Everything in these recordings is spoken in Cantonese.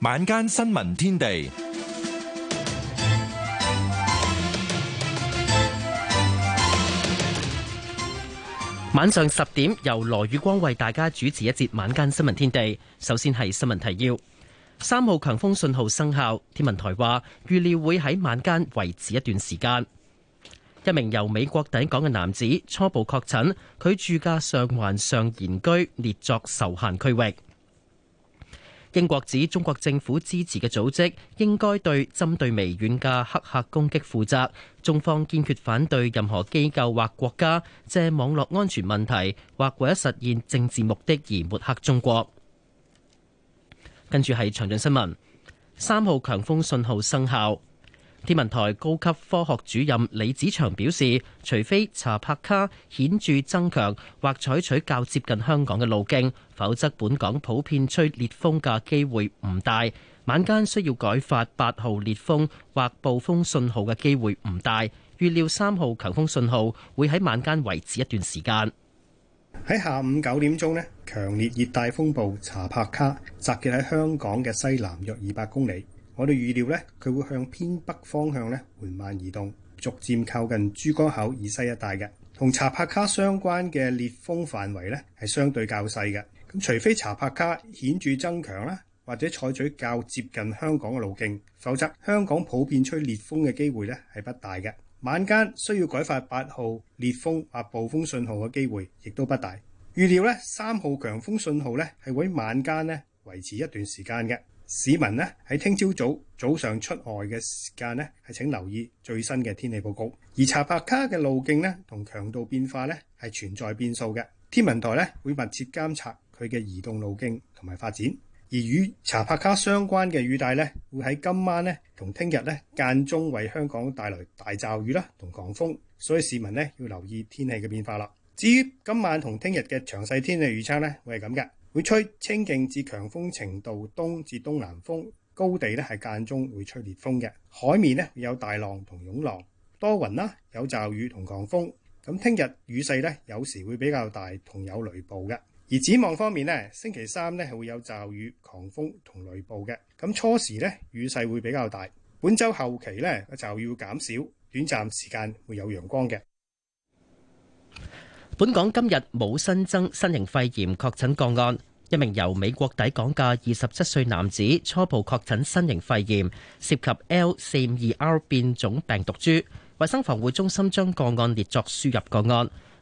晚間新聞天地，晚上十點由羅宇光為大家主持一節晚間新聞天地。首先係新聞提要：三號強風信號生效，天文台話預料會喺晚間維持一段時間。一名由美國抵港嘅男子初步確診，佢住家上環上賢居列作受限區域。英國指中國政府支持嘅組織應該對針對微軟嘅黑客攻擊負責。中方堅決反對任何機構或國家借網絡安全問題或為咗實現政治目的而抹黑中國。跟住係詳盡新聞，三號強風信號生效。天文台高級科學主任李子祥表示，除非查帕卡顯著增強或採取較接近香港嘅路徑，否則本港普遍吹烈風嘅機會唔大。晚間需要改發八號烈風或暴風信號嘅機會唔大。預料三號強風信號會喺晚間維持一段時間。喺下午九點鐘咧，強烈熱帶風暴查帕卡集結喺香港嘅西南約二百公里。我哋預料咧，佢會向偏北方向咧緩慢移動，逐漸靠近珠江口以西一帶嘅。同查帕卡相關嘅烈風範圍咧係相對較細嘅。咁除非查帕卡顯著增強啦，或者採取較接近香港嘅路徑，否則香港普遍吹烈風嘅機會咧係不大嘅。晚間需要改發八號烈風或暴風信號嘅機會亦都不大。預料咧三號強風信號咧係會喺晚間咧維持一段時間嘅。市民咧喺聽朝早早上出外嘅時間咧，係請留意最新嘅天氣報告。而查帕卡嘅路徑咧同強度變化咧係存在變數嘅。天文台咧會密切監察佢嘅移動路徑同埋發展。而與查帕卡相關嘅雨帶咧，會喺今晚咧同聽日咧間中為香港帶來大驟雨啦同狂風，所以市民咧要留意天氣嘅變化啦。至於今晚同聽日嘅詳細天氣預測咧，會係咁嘅。會吹清勁至強風程度，東至東南風，高地呢係間中會吹烈風嘅，海面呢有大浪同湧浪，多雲啦，有驟雨同狂風，咁聽日雨勢呢，有時會比較大同有雷暴嘅，而展望方面呢，星期三呢係會有驟雨、狂風同雷暴嘅，咁初時呢，雨勢會比較大，本周後期呢，就要減少，短暫時間會有陽光嘅。本港今日冇新增新型肺炎確診個案，一名由美國抵港嘅二十七歲男子初步確診新型肺炎，涉及 L 四五二 R 變種病毒株，衛生防護中心將個案列作輸入個案。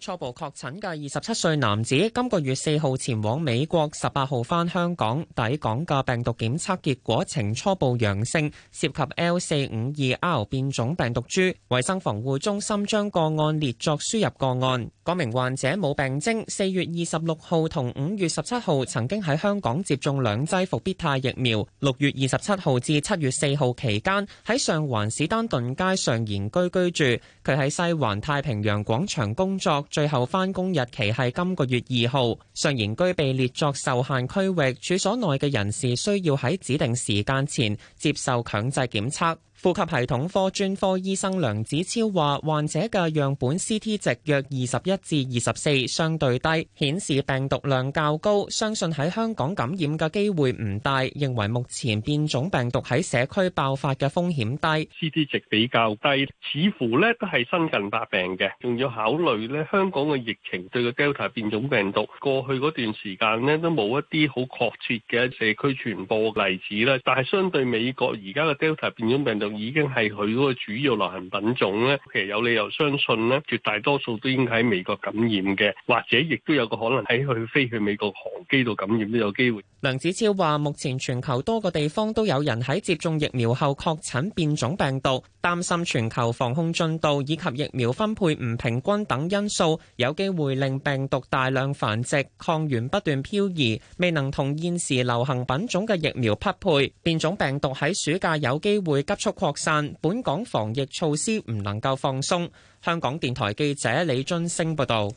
初步確診嘅二十七歲男子，今個月四號前往美國，十八號返香港，抵港嘅病毒檢測結果呈初步陽性，涉及 L 四五二 R 變種病毒株。衞生防護中心將個案列作輸入個案。嗰名患者冇病徵，四月二十六號同五月十七號曾經喺香港接種兩劑復必泰疫苗。六月二十七號至七月四號期間，喺上環史丹頓街上賢居居住。佢喺西環太平洋廣場工作，最後返工日期係今個月二號。上賢居被列作受限區域，處所內嘅人士需要喺指定時間前接受強制檢測。呼吸系統科專科醫生梁子超話患者嘅樣本 CT 值約二十一至二十四，相對低，顯示病毒量較高，相信喺香港感染嘅機會唔大，認為目前變種病毒喺社區爆發嘅風險低。CT 值比較低，似乎咧都係新近發病嘅，仲要考慮咧香港嘅疫情對個 Delta 變種病毒過去嗰段時間咧都冇一啲好確切嘅社區傳播例子啦，但係相對美國而家嘅 Delta 變種病毒。已經係佢嗰個主要流行品種咧，其實有理由相信咧，絕大多數都應該喺美國感染嘅，或者亦都有個可能喺佢飛去美國航機度感染都有機會。梁子超話目前全球多個地方都有人喺接種疫苗後確診變種病毒，擔心全球防控進度以及疫苗分配唔平均等因素，有機會令病毒大量繁殖、抗原不斷漂移，未能同現時流行品種嘅疫苗匹配，變種病毒喺暑假有機會急速擴散，本港防疫措施唔能夠放鬆。香港電台記者李津升報道，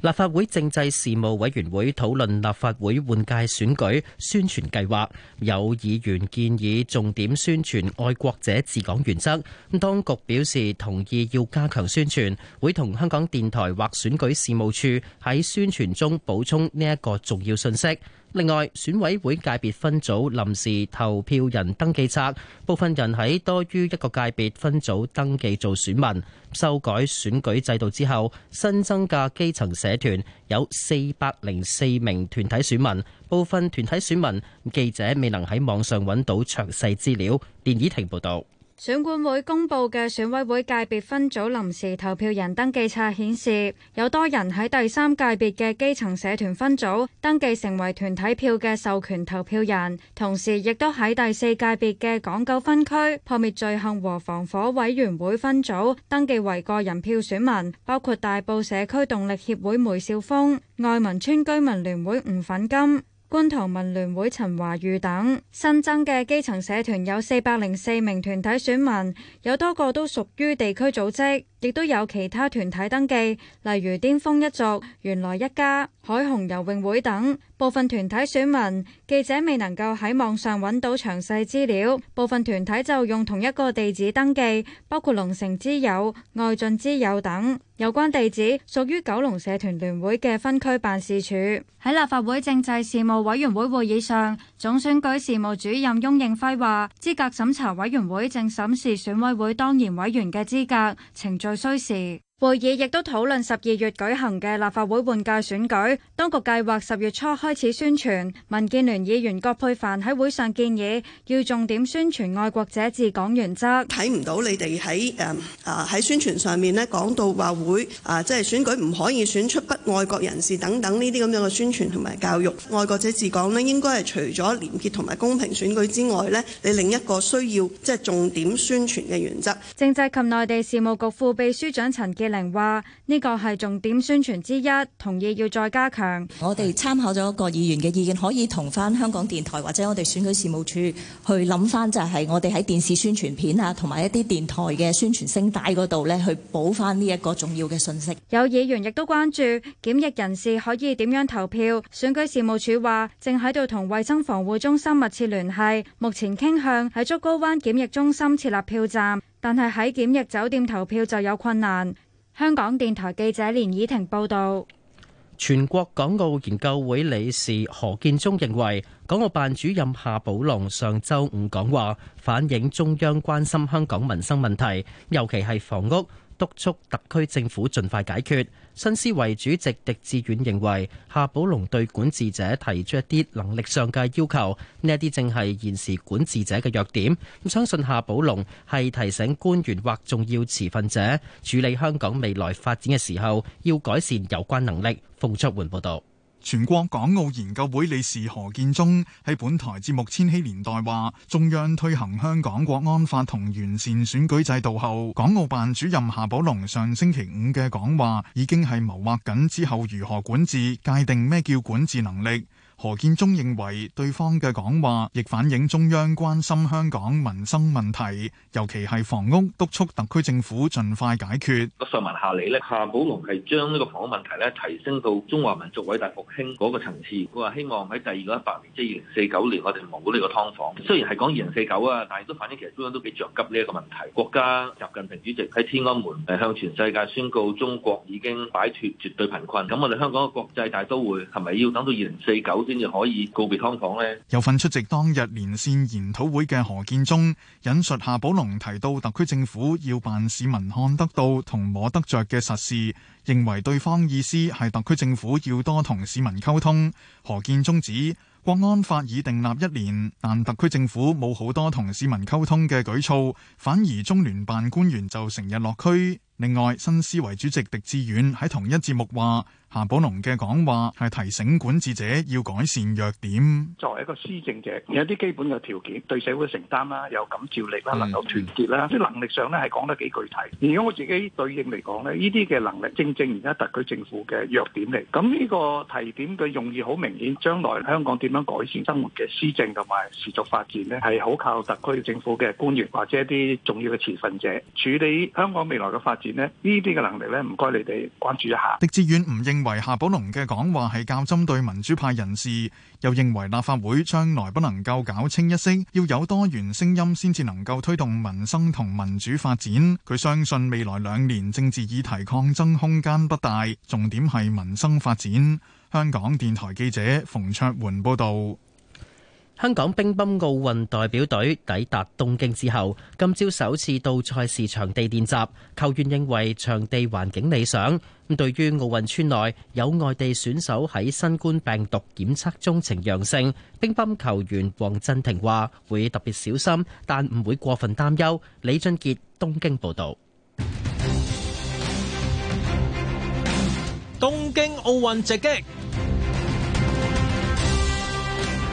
立法會政制事務委員會討論立法會換屆選舉宣傳計劃，有議員建議重點宣傳愛國者治港原則。咁當局表示同意要加強宣傳，會同香港電台或選舉事務處喺宣傳中補充呢一個重要信息。另外，選委會界別分組臨時投票人登記冊，部分人喺多於一個界別分組登記做選民。修改選舉制度之後，新增嘅基層社團有四百零四名團體選民，部分團體選民，記者未能喺網上揾到詳細資料。連倚庭報道。選管會公布嘅選委會界別分組臨時投票人登記冊顯示，有多人喺第三界別嘅基層社團分組登記成為團體票嘅授權投票人，同時亦都喺第四界別嘅港九分區撲滅罪行和防火委員會分組登記為個人票選民，包括大埔社區動力協會梅少峰、愛民邨居民聯會吳粉金。觀塘文聯會陳華裕等新增嘅基層社團有四百零四名團體選民，有多個都屬於地區組織，亦都有其他團體登記，例如巔峰一族、原來一家、海虹游泳會等。部分團體選民，記者未能夠喺網上揾到詳細資料，部分團體就用同一個地址登記，包括龍城之友、外進之友等。有關地址屬於九龍社團聯會嘅分區辦事處。喺立法會政制事務委員會會議上，總選舉事務主任翁應輝話：資格審查委員會正審視選委會當然委員嘅資格程序需時。會議亦都討論十二月舉行嘅立法會換屆選舉，當局計劃十月初開始宣傳。民建聯議員葛佩帆喺會上建議，要重點宣傳愛國者治港原則。睇唔到你哋喺誒啊喺宣傳上面咧講到話會啊即係選舉唔可以選出不愛國人士等等呢啲咁樣嘅宣傳同埋教育。愛國者治港咧，應該係除咗廉潔同埋公平選舉之外咧，你另一個需要即係、就是、重點宣傳嘅原則。政制及內地事務局副秘書長陳健。紀寧話呢個係重點宣傳之一，同意要再加強。我哋參考咗個議員嘅意見，可以同翻香港電台或者我哋選舉事務處去諗翻，就係我哋喺電視宣傳片啊，同埋一啲電台嘅宣傳聲帶嗰度咧，去補翻呢一個重要嘅信息。有議員亦都關注檢疫人士可以點樣投票。選舉事務處話正喺度同衛生防護中心密切聯繫，目前傾向喺竹篙灣檢疫中心設立票站，但係喺檢疫酒店投票就有困難。香港電臺記者連綺婷報道，全國港澳研究會理事何建中認為，港澳辦主任夏寶龍上周五講話反映中央關心香港民生問題，尤其係房屋。督促特區政府盡快解決。新思維主席狄志遠認為，夏寶龍對管治者提出一啲能力上嘅要求，呢一啲正係現時管治者嘅弱點。相信夏寶龍係提醒官員或重要持份者，處理香港未來發展嘅時候，要改善有關能力。馮卓桓報道。全國港澳研究會理事何建宗喺本台節目《千禧年代》話：中央推行香港國安法同完善選舉制度後，港澳辦主任夏寶龍上星期五嘅講話已經係謀劃緊之後如何管治，界定咩叫管治能力。何建中認為對方嘅講話亦反映中央關心香港民生問題，尤其係房屋，督促特區政府盡快解決。我上文下理咧，夏寶龍係將呢個房屋問題咧，提升到中華民族偉大復興嗰個層次。佢話希望喺第二個一百年，即係二零四九年，我哋冇呢個劏房。雖然係講二零四九啊，但係都反映其實中央都幾着急呢一個問題。國家習近平主席喺天安門向全世界宣告中國已經擺脫絕對貧困。咁我哋香港嘅國際大都會係咪要等到二零四九？先至可以告別香港呢？有份出席當日連線研討會嘅何建宗引述夏寶龍提到，特區政府要辦市民看得到同摸得着嘅實事，認為對方意思係特區政府要多同市民溝通。何建宗指，國安法已訂立一年，但特區政府冇好多同市民溝通嘅舉措，反而中聯辦官員就成日落區。另外，新思維主席狄志遠喺同一節目話，夏寶龍嘅講話係提醒管治者要改善弱點，作為一個施政者，有啲基本嘅條件，對社會承擔啦，有感召力啦，能夠團結啦，即能力上咧係講得幾具體。如果我自己對應嚟講咧，呢啲嘅能力正正而家特區政府嘅弱點嚟。咁呢個提點嘅用意好明顯，將來香港點樣改善生活嘅施政同埋持續發展咧，係好靠特區政府嘅官員或者一啲重要嘅持份者處理香港未來嘅發展。呢啲嘅能力呢，唔該你哋關注一下。狄志遠唔認為夏寶龍嘅講話係較針對民主派人士，又認為立法會將來不能夠搞清一色，要有多元聲音先至能夠推動民生同民主發展。佢相信未來兩年政治議題抗爭空間不大，重點係民生發展。香港電台記者馮卓桓報道。香港乒乓奧運代表隊抵達東京之後，今朝首次到賽事場地練習，球員認為場地環境理想。咁對於奧運村內有外地選手喺新冠病毒檢測中呈陽性，乒乓球員黃鎮廷話會特別小心，但唔會過分擔憂。李俊杰，東京報道。東京奧運直擊。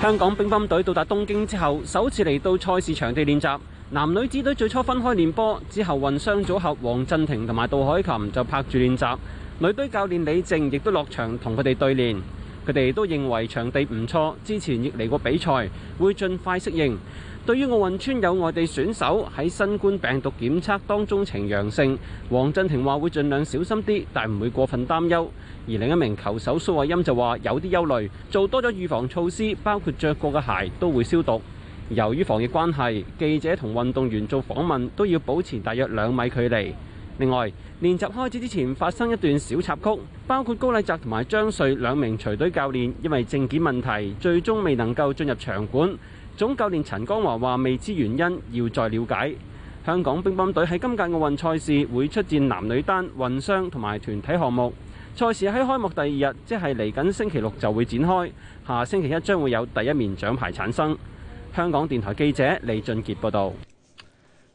香港乒乓隊到達東京之後，首次嚟到賽事場地練習。男女子隊最初分開練波，之後混雙組合黃鎮廷同埋杜海琴就拍住練習。女隊教練李靜亦都落場同佢哋對練。佢哋都認為場地唔錯，之前亦嚟過比賽，會盡快適應。對於奧運村有外地選手喺新冠病毒檢測當中呈陽性，黃鎮廷話會盡量小心啲，但唔會過分擔憂。而另一名球手蘇慧音就話有啲憂慮，做多咗預防措施，包括著過嘅鞋都會消毒。由於防疫關係，記者同運動員做訪問都要保持大約兩米距離。另外，練習開始之前發生一段小插曲，包括高禮澤同埋張瑞兩名隨隊教練因為證件問題，最終未能夠進入場館。總教練陳江華話未知原因，要再了解。香港乒乓隊喺今屆奧運賽事會出戰男女單、混雙同埋團體項目。賽事喺開幕第二日，即係嚟緊星期六就會展開，下星期一將會有第一面獎牌產生。香港電台記者李俊傑報道。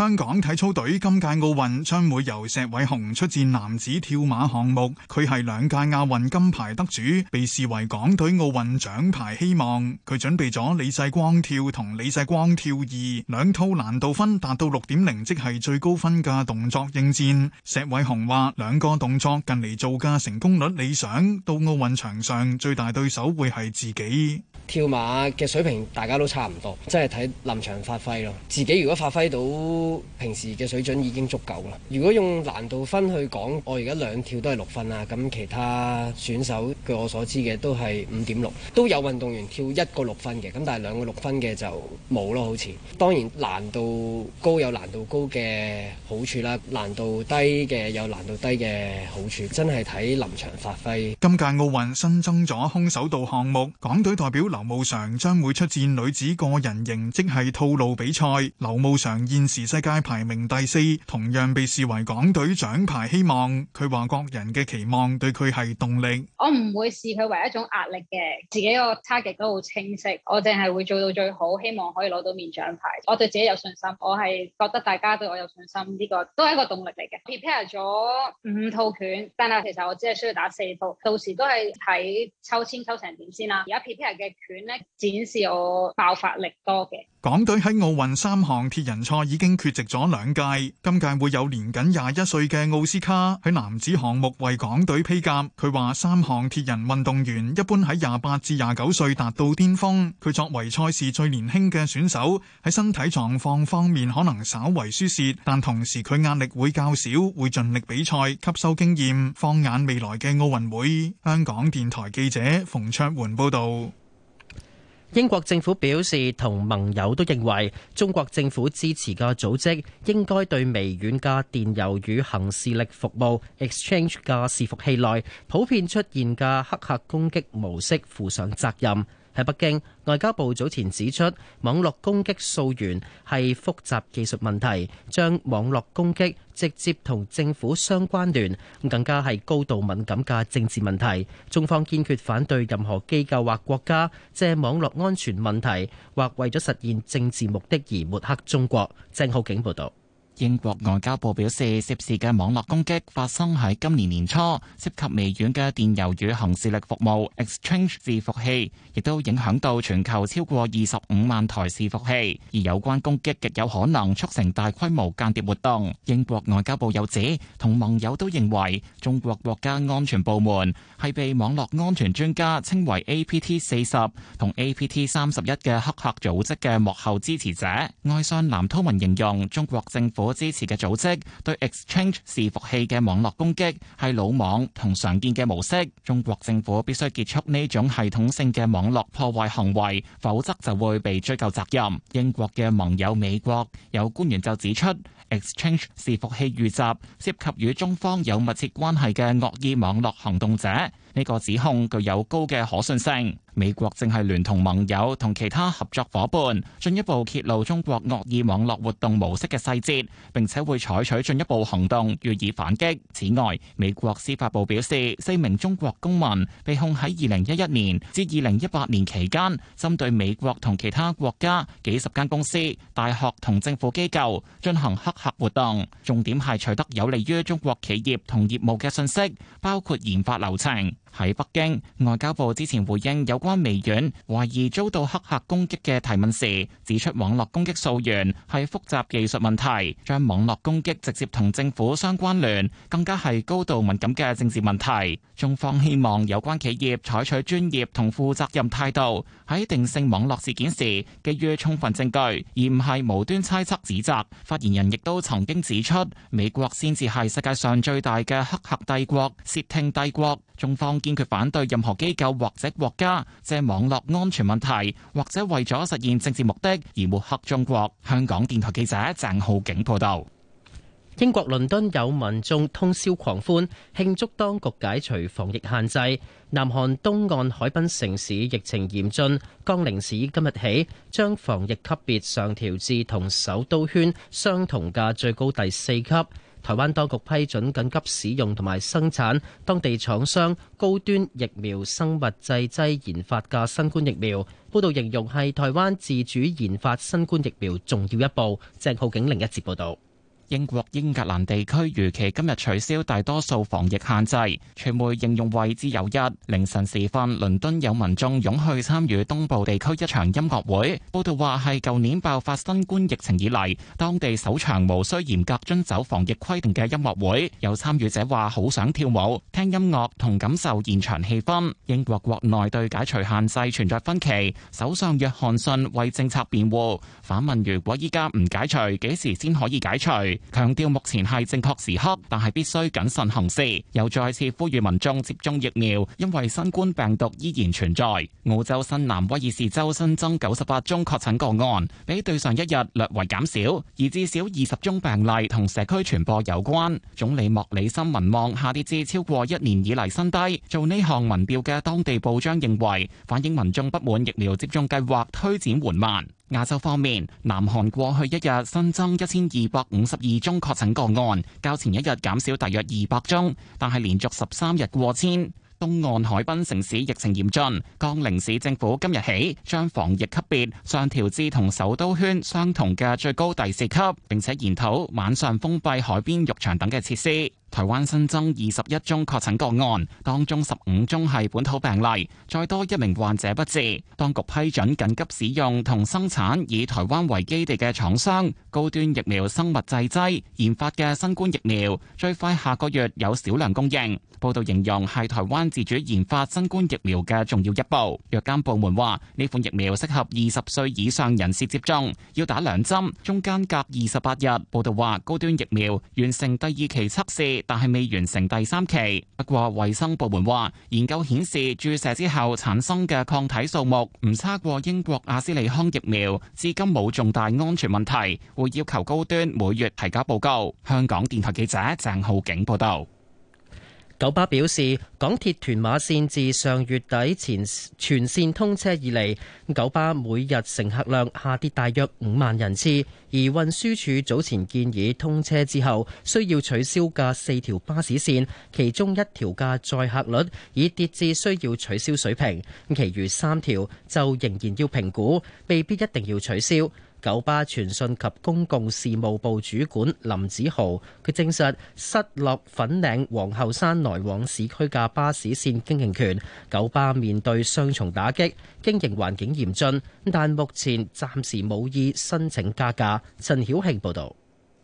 香港體操隊今屆奧運將會由石偉雄出戰男子跳馬項目，佢係兩屆亞運金牌得主，被視為港隊奧運獎牌希望。佢準備咗李世光跳同李世光跳二兩套難度分達到六點零，即係最高分嘅動作應戰。石偉雄話：兩個動作近嚟做嘅成功率理想，到奧運場上最大對手會係自己。跳馬嘅水平大家都差唔多，真係睇臨場發揮咯。自己如果發揮到平時嘅水準已經足夠啦。如果用難度分去講，我而家兩跳都係六分啦。咁其他選手據我所知嘅都係五點六，都有運動員跳一個六分嘅，咁但係兩個六分嘅就冇咯，好似。當然難度高有難度高嘅好處啦，難度低嘅有難度低嘅好處，真係睇臨場發揮。今屆奧運新增咗空手道項目，港隊代表劉慕常將會出戰女子個人型，即係套路比賽。劉慕常現時世界排名第四，同樣被視為港隊獎牌希望。佢話各人嘅期望對佢係動力。我唔會視佢為一種壓力嘅，自己個 target 都好清晰，我淨係會做到最好，希望可以攞到面獎牌。我對自己有信心，我係覺得大家對我有信心，呢、這個都係一個動力嚟嘅。prepare 咗五套拳，但係其實我只係需要打四套，到時都係睇抽籤抽成點先啦。而家 prepare 嘅。展示我爆發力多嘅。港隊喺奧運三項鐵人賽已經缺席咗兩屆，今屆會有年僅廿一歲嘅奧斯卡喺男子項目為港隊披甲。佢話三項鐵人運動員一般喺廿八至廿九歲達到巔峰。佢作為賽事最年輕嘅選手，喺身體狀況方面可能稍為輸蝕，但同時佢壓力會較少，會盡力比賽，吸收經驗。放眼未來嘅奧運會。香港電台記者馮卓煥報道。英國政府表示，同盟友都認為中國政府支持嘅組織應該對微軟嘅電郵與行事曆服務、Exchange 嘅伺服器內普遍出現嘅黑客攻擊模式負上責任。喺北京，外交部早前指出，網絡攻擊溯源係複雜技術問題，將網絡攻擊直接同政府相關聯，更加係高度敏感嘅政治問題。中方堅決反對任何機構或國家借網絡安全問題或為咗實現政治目的而抹黑中國。鄭浩景報導。英國外交部表示，涉事嘅網絡攻擊發生喺今年年初，涉及微軟嘅電郵與行事曆服務 Exchange 伺服器，亦都影響到全球超過二十五萬台伺服器。而有關攻擊極有可能促成大規模間諜活動。英國外交部又指，同盟友都認為中國國家安全部門係被網絡安全專家稱為 APT 四十同 APT 三十一嘅黑客組織嘅幕後支持者。外相藍韜文形容中國政府支持嘅組織對 Exchange 伺服器嘅網絡攻擊係魯莽同常見嘅模式。中國政府必須結束呢種系統性嘅網絡破壞行為，否則就會被追究責任。英國嘅盟友美國有官員就指出，Exchange 伺服器遇襲涉及與中方有密切關係嘅惡意網絡行動者，呢、這個指控具有高嘅可信性。美國正係聯同盟友同其他合作伙伴，進一步揭露中國惡意網絡活動模式嘅細節，並且會採取進一步行動予以反擊。此外，美國司法部表示，四名中國公民被控喺二零一一年至二零一八年期間，針對美國同其他國家幾十間公司、大學同政府機構進行黑客活動，重點係取得有利於中國企業同業務嘅訊息，包括研發流程。喺北京，外交部之前回應有關微軟懷疑遭到黑客攻擊嘅提問時，指出網絡攻擊溯源係複雜技術問題，將網絡攻擊直接同政府相關聯，更加係高度敏感嘅政治問題。中方希望有關企業採取專業同負責任態度，喺定性網絡事件時，基於充分證據，而唔係無端猜測指責。發言人亦都曾經指出，美國先至係世界上最大嘅黑客帝國、竊聽帝國，中方。堅決反對任何機構或者國家借網絡安全問題或者為咗實現政治目的而抹黑中國。香港電台記者鄭浩景報道，英國倫敦有民眾通宵狂歡慶祝當局解除防疫限制。南韓東岸海濱城市疫情嚴峻，江陵市今日起將防疫級別上調至同首都圈相同嘅最高第四級。台灣當局批准緊急使用同埋生產當地廠商高端疫苗生物製劑研發嘅新冠疫苗，報道形容係台灣自主研發新冠疫苗重要一步。鄭浩景另一節報道。英國英格蘭地區預期今日取消大多數防疫限制，傳媒形容為自由日，凌晨時分，倫敦有民眾湧去參與東部地區一場音樂會。報道話係舊年爆發新冠疫情以嚟，當地首場無需嚴格遵守防疫規定嘅音樂會。有參與者話好想跳舞、聽音樂同感受現場氣氛。英國國內對解除限制存在分歧，首相約翰遜為政策辯護，反問如果依家唔解除，幾時先可以解除？強調目前係正確時刻，但係必須謹慎行事。又再次呼籲民眾接種疫苗，因為新冠病毒依然存在。澳洲新南威爾士州新增九十八宗確診個案，比對上一日略為減少，而至少二十宗病例同社區傳播有關。總理莫里森民望下跌至超過一年以嚟新低。做呢項民調嘅當地報章認為，反映民眾不滿疫苗接種計劃推展緩慢。亞洲方面，南韓過去一日新增一千二百五十二宗確診個案，較前一日減少大約二百宗，但係連續十三日過千。東岸海濱城市疫情嚴峻，江陵市政府今日起將防疫級別上調至同首都圈相同嘅最高第四級，並且研討晚上封閉海邊浴場等嘅設施。台灣新增二十一宗確診個案，當中十五宗係本土病例，再多一名患者不治。當局批准緊急使用同生產以台灣為基地嘅廠商高端疫苗生物製劑研發嘅新冠疫苗，最快下個月有少量供應。報道形容係台灣自主研發新冠疫苗嘅重要一步。藥監部門話呢款疫苗適合二十歲以上人士接種，要打兩針，中間隔二十八日。報道話高端疫苗完成第二期測試。但係未完成第三期。不過衛生部門話，研究顯示注射之後產生嘅抗體數目唔差過英國阿斯利康疫苗，至今冇重大安全問題，會要求高端每月提交報告。香港電台記者鄭浩景報道。九巴表示，港鐵屯馬線自上月底前全線通車以嚟，九巴每日乘客量下跌大約五萬人次。而運輸署早前建議通車之後需要取消嘅四條巴士線，其中一條嘅載客率已跌至需要取消水平，其餘三條就仍然要評估，未必一定要取消。九巴傳訊及公共事務部主管林子豪，佢證實失落粉嶺皇后山來往市區嘅巴士線經營權，九巴面對雙重打擊，經營環境嚴峻，但目前暫時冇意申請加價，陳曉慶報道。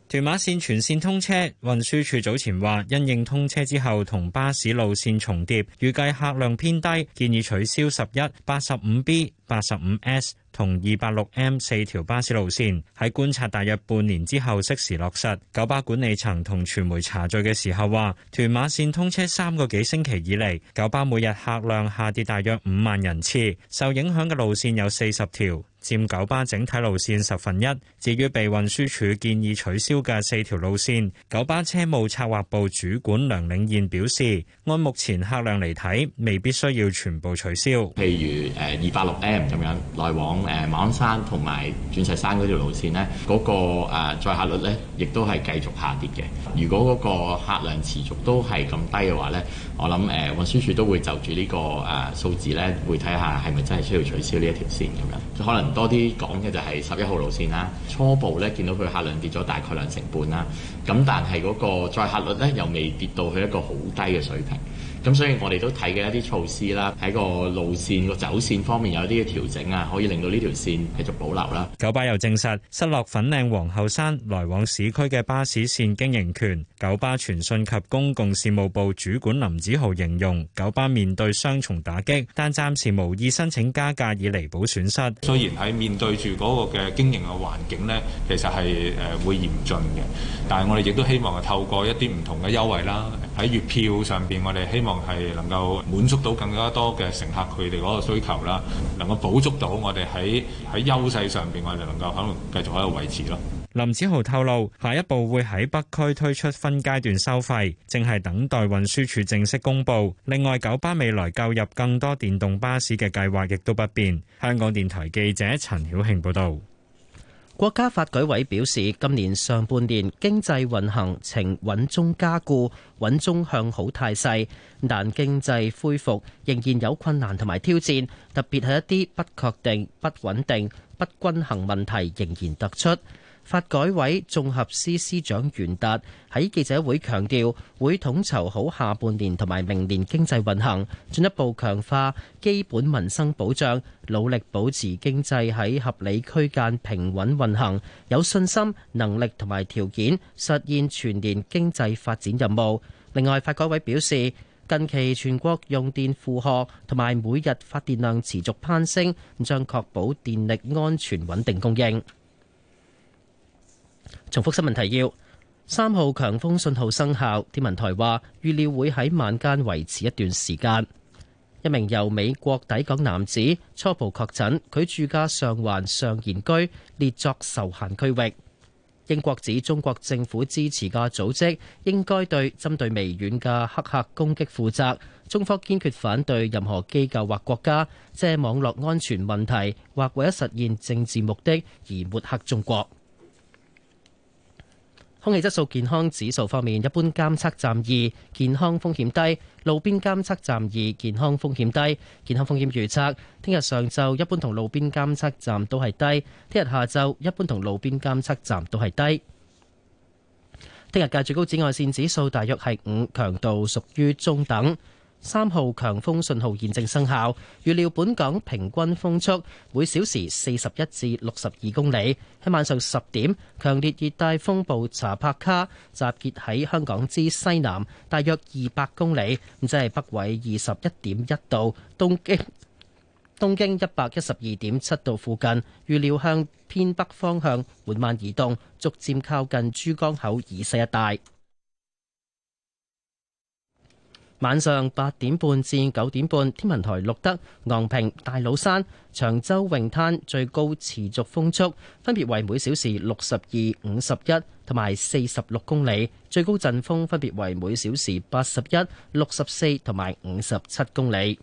屯馬線全線通車，運輸署早前話因應通車之後同巴士路線重疊，預計客量偏低，建議取消十一、八十五 B、八十五 S，同 286M 四條巴士路線喺觀察大約半年之後適時落實。九巴管理層同傳媒茶敘嘅時候話，屯馬線通車三個幾星期以嚟，九巴每日客量下跌大約五萬人次，受影響嘅路線有四十條，佔九巴整體路線十分一。至於被運輸署建議取消嘅四條路線，九巴車務策劃部主管梁嶺燕表示，按目前客量嚟睇，未必需要全部取消。譬如誒、uh, 286M 咁樣來往。誒馬鞍山同埋鑽石山嗰條路線呢，嗰個誒載客率呢，亦都係繼續下跌嘅。如果嗰個客量持續都係咁低嘅話呢，我諗誒運輸署都會就住呢個誒數字呢，會睇下係咪真係需要取消呢一條線咁樣。可能多啲講嘅就係十一號路線啦。初步呢，見到佢客量跌咗大概兩成半啦。咁但係嗰個載客率呢，又未跌到去一個好低嘅水平。咁所以我哋都睇嘅一啲措施啦，喺個路線個走線方面有啲嘅調整啊，可以令到呢條線繼續保留啦。九巴又證實失落粉嶺皇后山來往市區嘅巴士線經營權。九巴傳訊及公共事務部主管林子豪形容，九巴面對雙重打擊，但暫時無意申請加價以彌補損失。雖然喺面對住嗰個嘅經營嘅環境呢，其實係誒會嚴峻嘅，但係我哋亦都希望透過一啲唔同嘅優惠啦，喺月票上邊，我哋希望係能夠滿足到更加多嘅乘客佢哋嗰個需求啦，能夠補足到我哋喺喺喺優勢上邊，我哋能夠可能繼續喺度維持咯。林子豪透露，下一步會喺北區推出分階段收費，正係等待運輸署正式公布。另外，九巴未來購入更多電動巴士嘅計劃亦都不變。香港電台記者陳曉慶報道。國家發改委表示，今年上半年經濟運行呈穩中加固、穩中向好態勢，但經濟恢復仍然有困難同埋挑戰，特別係一啲不確定、不穩定、不均衡問題仍然突出。發改委綜合司司長袁達喺記者會強調，會統籌好下半年同埋明年經濟運行，進一步強化基本民生保障，努力保持經濟喺合理區間平穩運行，有信心、能力同埋條件實現全年經濟發展任務。另外，發改委表示，近期全國用電負荷同埋每日發電量持續攀升，咁將確保電力安全穩定供應。重複新聞提要：三號強風信號生效，天文台話預料會喺晚間維持一段時間。一名由美國抵港男子初步確診，佢住家上環尚賢居列作受限區域。英國指中國政府支持嘅組織應該對針對微軟嘅黑客攻擊負責。中方堅決反對任何機構或國家借網絡安全問題或為咗實現政治目的而抹黑中國。空氣質素健康指數方面，一般監測站二健康風險低，路邊監測站二健康風險低。健康風險預測，聽日上晝一般同路邊監測站都係低，聽日下晝一般同路邊監測站都係低。聽日嘅最高紫外線指數大約係五，強度屬於中等。三號強風信號現正生效，預料本港平均風速每小時四十一至六十二公里。喺晚上十點，強烈熱帶風暴查帕卡集結喺香港之西南，大約二百公里，咁即係北緯二十一點一度，東經。東經一百一十二點七度附近。預料向偏北方向緩慢移動，逐漸靠近珠江口以西一帶。晚上八點半至九點半，天文台錄得昂坪、大老山、長洲泳灘最高持續風速分別為每小時六十二、五十一同埋四十六公里，最高陣風分別為每小時八十一、六十四同埋五十七公里。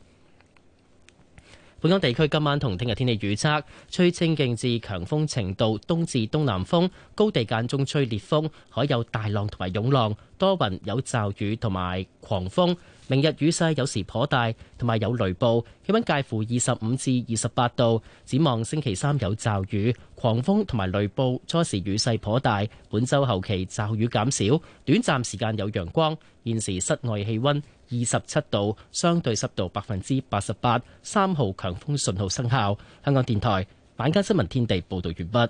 本港地區今晚同聽日天氣預測，吹清勁至強風程度，東至東南風，高地間中吹烈風，可有大浪同埋湧浪，多雲有驟雨同埋狂風。明日雨勢有時頗大，同埋有雷暴，氣溫介乎二十五至二十八度。展望星期三有驟雨、狂風同埋雷暴，初時雨勢頗大，本周後期驟雨減少，短暫時間有陽光。現時室外氣溫二十七度，相對濕度百分之八十八，三號強風信號生效。香港電台晚間新聞天地報道完畢。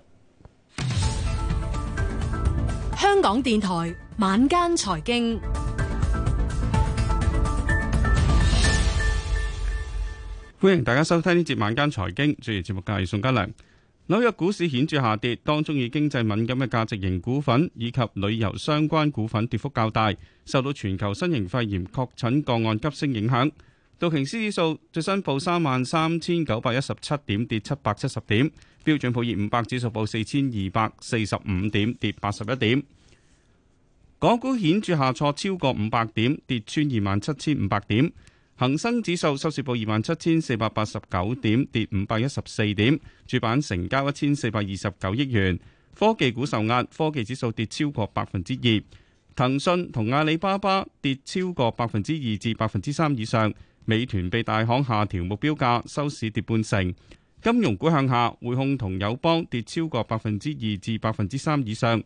香港電台晚間財經。歡迎大家收聽呢節晚間財經，主持節目嘅係宋嘉良。紐約股市顯著下跌，當中以經濟敏感嘅價值型股份以及旅遊相關股份跌幅較大，受到全球新型肺炎確診個案急升影響。道瓊斯指數最新報三萬三千九百一十七點，跌七百七十點；標準普爾五百指數報四千二百四十五點，跌八十一點。港股顯著下挫超過五百點，跌穿二萬七千五百點。恒生指數收市報二萬七千四百八十九點，跌五百一十四點。主板成交一千四百二十九億元。科技股受壓，科技指數跌超過百分之二。騰訊同阿里巴巴跌超過百分之二至百分之三以上。美團被大行下調目標價，收市跌半成。金融股向下，匯控同友邦跌超過百分之二至百分之三以上。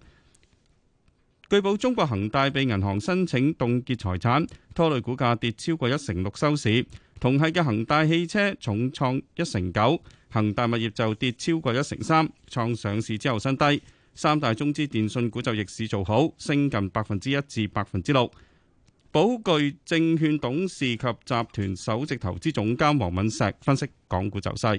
據報，中國恒大被銀行申請凍結財產，拖累股價跌超過一成六收市。同係嘅恒大汽車重創一成九，恒大物業就跌超過一成三，創上市之後新低。三大中資電信股就逆市做好，升近百分之一至百分之六。寶钜證券董事及集團首席投資總監黃敏碩分析港股走勢。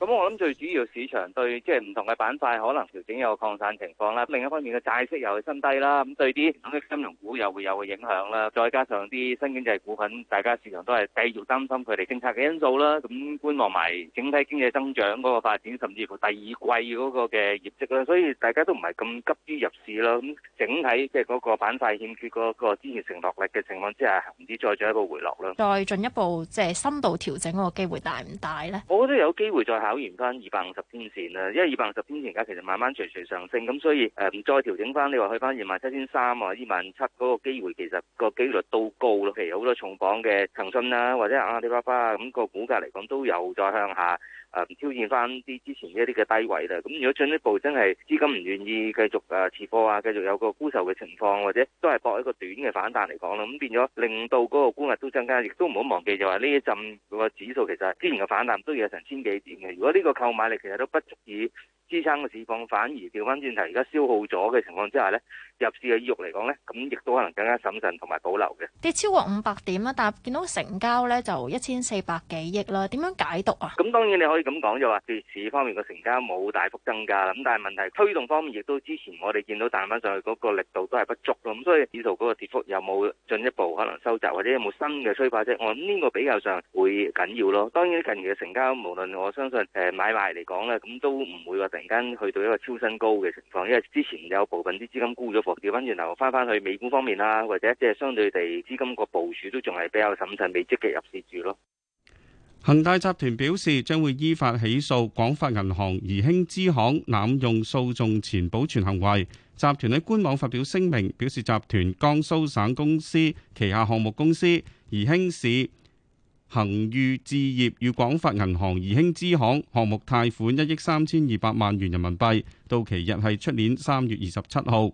咁我諗最主要市場對即係唔同嘅板塊可能調整有擴散情況啦，另一方面嘅債息又係新低啦，咁對啲咁嘅金融股又會有個影響啦，再加上啲新經濟股份，大家市場都係繼續擔心佢哋政策嘅因素啦，咁觀望埋整體經濟增長嗰個發展，甚至乎第二季嗰個嘅業績啦，所以大家都唔係咁急於入市咯，咁整體即係嗰個板塊欠缺個個支持承諾力嘅情況之下，唔知再進一步回落咯。再進一步即係深度調整嗰個機會大唔大咧？我覺得有機會再。考完翻二百五十天線啦，因為二百五十天線而家其實慢慢徐徐上升，咁所以誒唔、呃、再調整翻，你話去翻二萬七千三啊，二萬七嗰個機會其實個機率都高咯，譬如好多重磅嘅騰訊啊，或者阿里巴巴啊，咁、嗰個股價嚟講都有再向下，誒、嗯、挑戰翻啲之前一啲嘅低位啦，咁如果進一步真係資金唔願意繼續誒持貨啊，繼續有個沽售嘅情況，或者都係搏一個短嘅反彈嚟講啦，咁變咗令到嗰個沽壓都增加，亦都唔好忘記就話呢一陣個指數其實之前嘅反彈都有成千幾點嘅，如果呢個購買力其實都不足以。支撐個市況反而調翻轉頭，而家消耗咗嘅情況之下咧，入市嘅意欲嚟講咧，咁亦都可能更加審慎同埋保留嘅。跌超過五百點啊，但係見到成交咧就一千四百幾億啦，點樣解讀啊？咁當然你可以咁講就話，市方面個成交冇大幅增加，咁但係問題推動方面亦都之前我哋見到彈翻上去嗰個力度都係不足咯，咁所以指數嗰個跌幅有冇進一步可能收窄，或者有冇新嘅催化啫？我諗呢個比較上會緊要咯。當然近期嘅成交，無論我相信誒買賣嚟講咧，咁都唔會話。突然間去到一個超新高嘅情況，因為之前有部分啲資金沽咗貨，掉翻，然後翻翻去美股方面啦，或者即係相對地資金個部署都仲係比較審慎，未積極入市住咯。恒大集團表示將會依法起訴廣發銀行宜興支行濫用訴訟前保全行為。集團喺官網發表聲明，表示集團江蘇省公司旗下項目公司宜興市。恒裕置業與廣發銀行宜興支行項目貸款一億三千二百萬元人民幣，到期日係出年三月二十七號。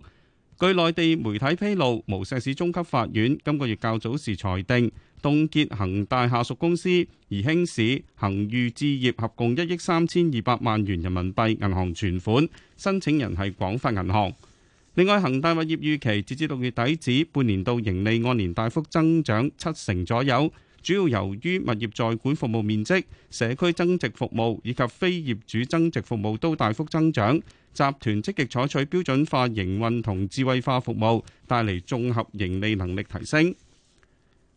據內地媒體披露，無錫市中級法院今個月較早時裁定凍結恒大下屬公司宜興市恒裕置業合共一億三千二百萬元人民幣銀行存款，申請人係廣發銀行。另外，恒大物業預期截至六月底止，半年度盈利按年大幅增長七成左右。主要由於物業在管服務面積、社區增值服務以及非業主增值服務都大幅增長，集團積極採取標準化營運同智慧化服務，帶嚟綜合盈利能力提升。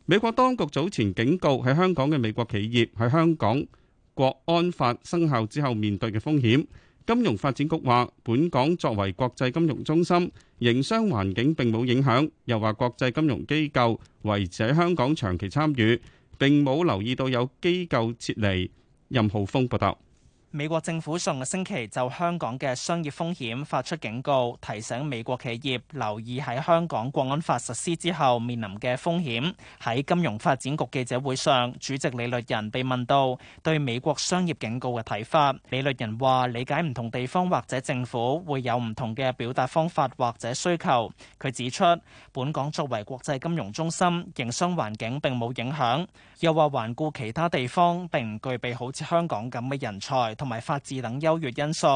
美國當局早前警告，喺香港嘅美國企業喺香港國安法生效之後面對嘅風險。金融發展局話，本港作為國際金融中心，營商環境並冇影響。又話國際金融機構維持喺香港長期參與，並冇留意到有機構撤離。任浩峰報道。美國政府上個星期就香港嘅商業風險發出警告，提醒美國企業留意喺香港國安法實施之後面臨嘅風險。喺金融發展局記者會上，主席李律仁被問到對美國商業警告嘅睇法，李律仁話理解唔同地方或者政府會有唔同嘅表達方法或者需求。佢指出，本港作為國際金融中心，營商環境並冇影響。又話環顧其他地方並唔具備好似香港咁嘅人才，同埋法治等優越因素，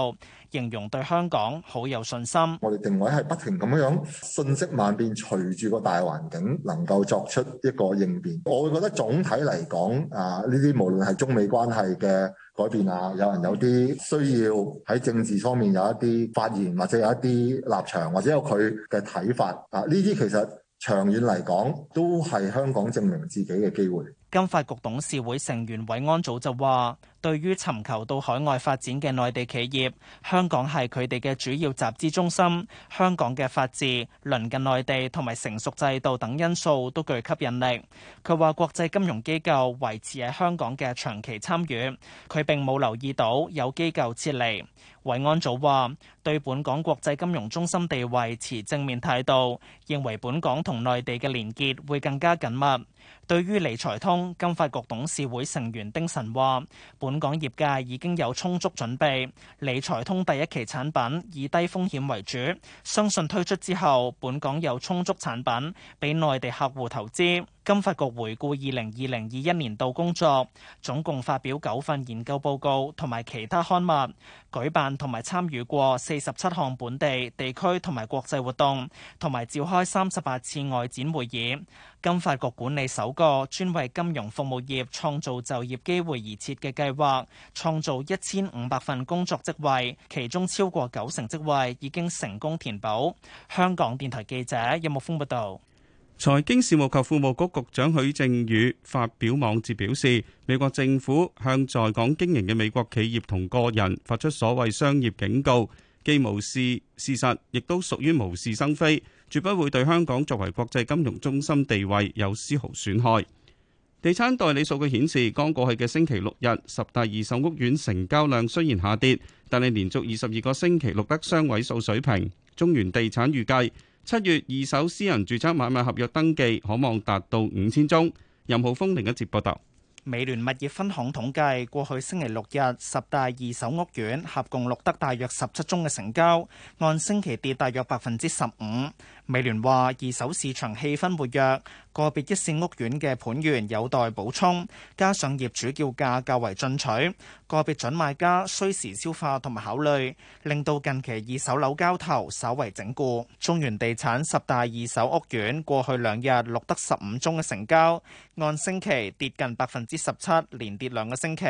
形容對香港好有信心。我哋定位係不停咁樣，瞬息萬變，隨住個大環境能夠作出一個應變，我會覺得總體嚟講啊，呢啲無論係中美關係嘅改變啊，有人有啲需要喺政治方面有一啲發言，或者有一啲立場或者有佢嘅睇法啊，呢啲其實長遠嚟講都係香港證明自己嘅機會。金發局董事會成員韋安祖就話，對於尋求到海外發展嘅內地企業，香港係佢哋嘅主要集資中心。香港嘅法治、鄰近內地同埋成熟制度等因素都具吸引力。佢話國際金融機構維持喺香港嘅長期參與，佢並冇留意到有機構撤離。韋安祖話對本港國際金融中心地位持正面態度，認為本港同內地嘅連結會更加緊密。對於理財通，金發局董事會成員丁晨話。本港業界已經有充足準備，理財通第一期產品以低風險為主，相信推出之後，本港有充足產品畀內地客戶投資。金發局回顧二零二零二一年度工作，總共發表九份研究報告同埋其他刊物，舉辦同埋參與過四十七項本地、地區同埋國際活動，同埋召開三十八次外展會議。金發局管理首個專為金融服務業創造就業機會而設嘅計劃，創造一千五百份工作職位，其中超過九成職位已經成功填補。香港電台記者任木峰報道。財經事務及庫務局局，局長許正宇發表網誌表示，美國政府向在港經營嘅美國企業同個人發出所謂商業警告，既無視事，事實，亦都屬於無事生非，絕不會對香港作為國際金融中心地位有絲毫損害。地產代理數據顯示，剛過去嘅星期六日，十大二手屋苑成交量雖然下跌，但係連續二十二個星期錄得雙位數水平。中原地產預計。七月二手私人住宅買賣合約登記可望達到五千宗。任浩峰另一節報道。答美聯物業分行統計，過去星期六日十大二手屋苑合共錄得大約十七宗嘅成交，按星期跌大約百分之十五。美聯話二手市場氣氛活躍，個別一線屋苑嘅盤源有待補充，加上業主叫價較為進取，個別準買家需時消化同埋考慮，令到近期二手樓交投稍為整固。中原地產十大二手屋苑過去兩日錄得十五宗嘅成交，按星期跌近百分之十七，連跌兩個星期。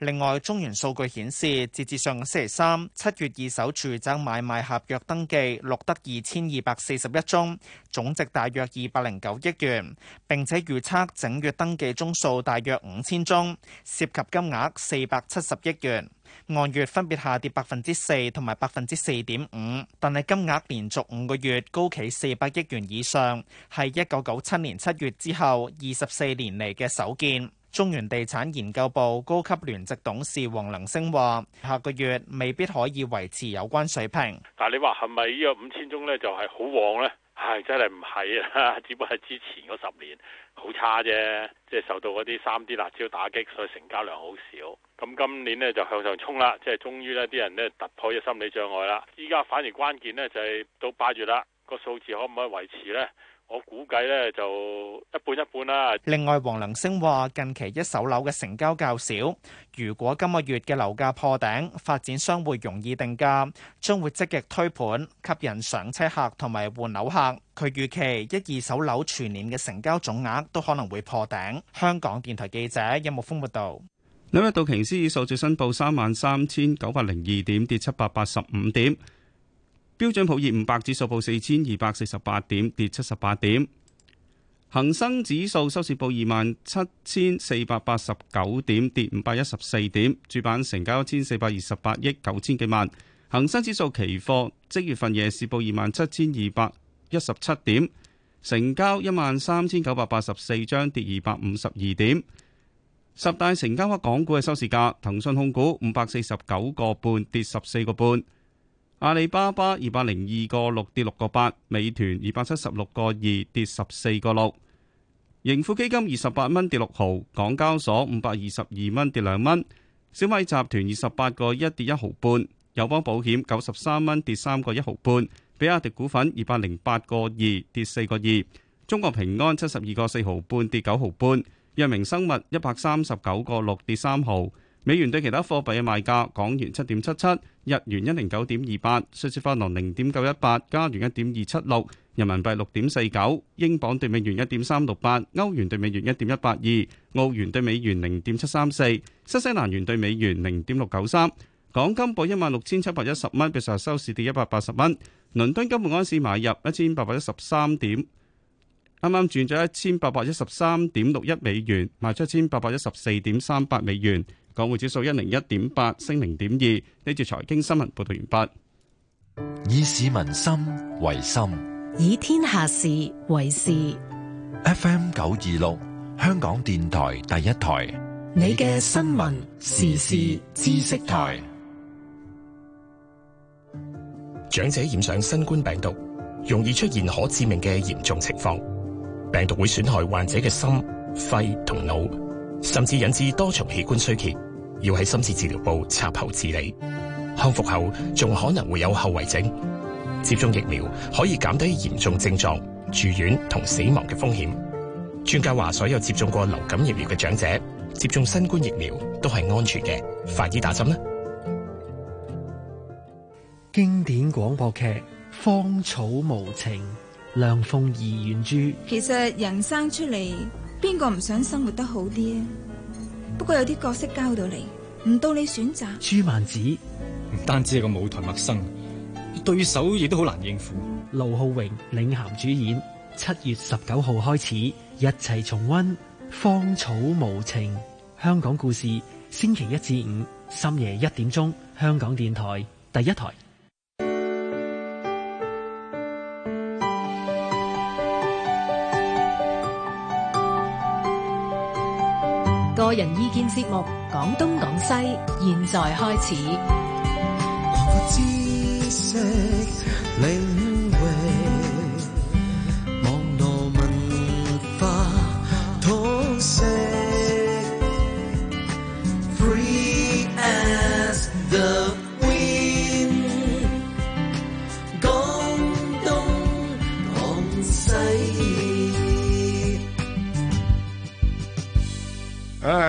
另外，中原數據顯示，截至上個星期三，七月二手住宅買賣合約登記錄得二千二百四十一宗，總值大約二百零九億元。並且預測整月登記宗數大約五千宗，涉及金額四百七十億元。按月分別下跌百分之四同埋百分之四點五，但係金額連續五個月高企四百億元以上，係一九九七年七月之後二十四年嚟嘅首見。中原地產研究部高級聯席董事黃良升話，下個月未必可以維持有關水平。但係你話係咪呢個五千宗呢？就係好旺呢？唉、哎，真係唔係啊，只不過係之前嗰十年好差啫，即係受到嗰啲三 D 辣椒打擊，所以成交量好少。咁今年呢，就向上衝啦，即係終於呢啲人呢突破咗心理障礙啦。依家反而關鍵呢，就係、是、到八月啦，個數字可唔可以維持呢？我估計呢就一半一半啦。另外，黃良聲話近期一手樓嘅成交較少。如果今個月嘅樓價破頂，發展商會容易定價，將會積極推盤，吸引上車客同埋換樓客。佢預期一二手樓全年嘅成交總額都可能會破頂。香港電台記者音樂風報道。紐約道瓊斯指數最新報三萬三千九百零二點，跌七百八十五點。標準普爾五百指數報四千二百四十八點，跌七十八點。恒生指數收市報二萬七千四百八十九點，跌五百一十四點。主板成交一千四百二十八億九千幾萬。恒生指數期貨即月份夜市報二萬七千二百一十七點，成交一萬三千九百八十四張，跌二百五十二點。十大成交額港股嘅收市價，騰訊控股五百四十九個半，跌十四個半。阿里巴巴二百零二個六跌六個八，美團二百七十六個二跌十四個六，盈富基金二十八蚊跌六毫，港交所五百二十二蚊跌兩蚊，小米集團二十八個一跌一毫半，友邦保險九十三蚊跌三個一毫半，比亞迪股份二百零八個二跌四個二，中國平安七十二個四毫半跌九毫半，藥明生物一百三十九個六跌三毫。美元對其他貨幣嘅賣價：港元七點七七，日元一零九點二八，瑞士法郎零點九一八，加元一點二七六，人民幣六點四九，英鎊對美元一點三六八，歐元對美元一點一八二，澳元對美元零點七三四，新西蘭元對美元零點六九三。港金報一萬六千七百一十蚊，比上日收市跌一百八十蚊。倫敦金每盎司買入一千八百一十三點，啱啱轉咗一千八百一十三點六一美元，賣出一千八百一十四點三八美元。港匯指數一零一點八升零點二。呢段財經新聞報道完畢。以市民心為心，以天下事為事。F M 九二六，香港電台第一台，你嘅新聞時事知識台。長者染上新冠病毒，容易出現可致命嘅嚴重情況。病毒會損害患者嘅心、肺同腦，甚至引致多重器官衰竭。要喺深切治療部插喉治理，康復後仲可能會有後遺症。接種疫苗可以減低嚴重症狀、住院同死亡嘅風險。專家話，所有接種過流感疫苗嘅長者接種新冠疫苗都係安全嘅。快啲打針啦！經典廣播劇《芳草無情》，梁鳳儀原著。其實人生出嚟，邊個唔想生活得好啲啊？不過有啲角色交到嚟，唔到你選擇。朱曼子唔單止係個舞台陌生對手，亦都好難應付。盧浩榮領銜主演，七月十九號開始，一齊重溫《芳草無情》香港故事。星期一至五深夜一點鐘，香港電台第一台。個人意見節目《講東講西》，現在開始。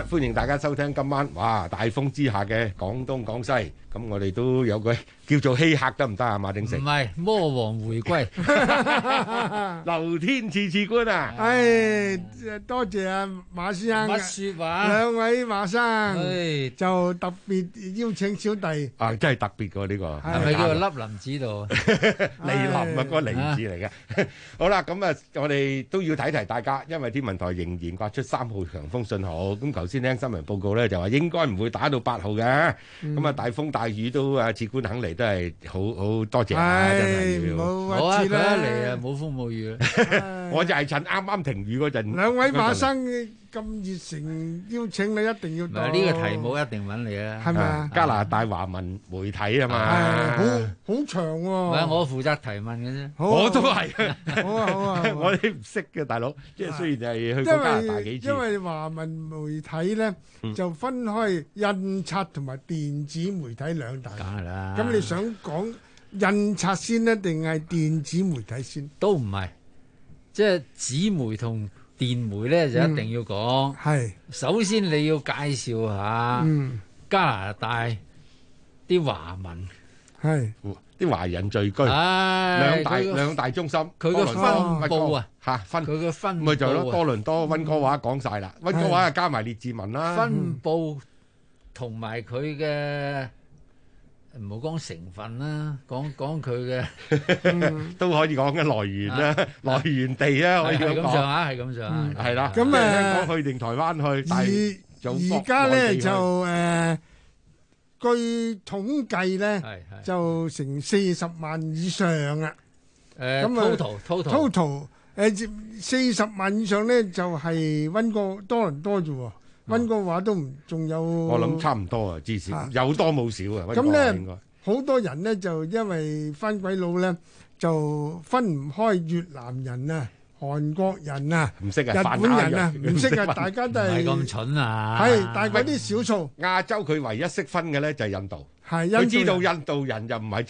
歡迎大家收聽今晚哇大風之下嘅廣東廣西，咁我哋都有句叫做稀客得唔得啊？馬鼎盛唔係魔王回歸，劉天賜賜官啊！誒多謝啊馬先生，兩位馬生，就特別邀請小弟啊，真係特別個呢個，係咪叫做粒林子度？李林啊，個李子嚟嘅。好啦，咁啊，我哋都要提提大家，因為天文台仍然發出三號強風信號，咁頭先。聽新聞報告咧，就話應該唔會打到八號嘅。咁啊、嗯嗯，大風大雨都啊，節官肯嚟都係好好多謝啊！唉真係要好啊，佢一嚟啊，冇風冇雨，唉 我就係趁啱啱停雨嗰陣。兩位馬生。咁熱誠邀請你一定要到。呢個題目一定揾你啊！係咪啊？加拿大華文媒體啊嘛。係，好好長喎。唔係我負責提問嘅啫，我都係。好啊好啊，我哋唔識嘅大佬，即係雖然係去加拿大幾次。因為華文媒體咧，就分開印刷同埋電子媒體兩大。梗係啦。咁你想講印刷先咧，定係電子媒體先？都唔係，即係紙媒同，電媒咧就一定要講，首先你要介紹下加拿大啲華文，係啲華人聚居，兩大兩大中心，佢個分佈啊，嚇分佢個分佈咪就係咯，多倫多温哥華，講晒啦，温哥華又加埋列治文啦，分佈同埋佢嘅。唔好講成分啦，講講佢嘅都可以講嘅來源啦，來源地啊，可以咁講啊，係咁上，係啦。咁啊，香港去定台灣去？而而家咧就誒，據統計咧就成四十萬以上啊。誒，total total total 誒，四十萬以上咧就係溫哥華多倫多咋喎。溫哥華都唔仲有，我諗差唔多啊，至少有多冇少啊，溫哥華應該。咁咧，嗯，好多人咧就因為翻鬼佬咧，就分唔開越南人啊、韓國人啊、日本人啊，唔識啊，大家都係唔係咁蠢啊？係但嗰啲少數。亞洲佢唯一識分嘅咧就係印度，係佢知道印度人就唔係。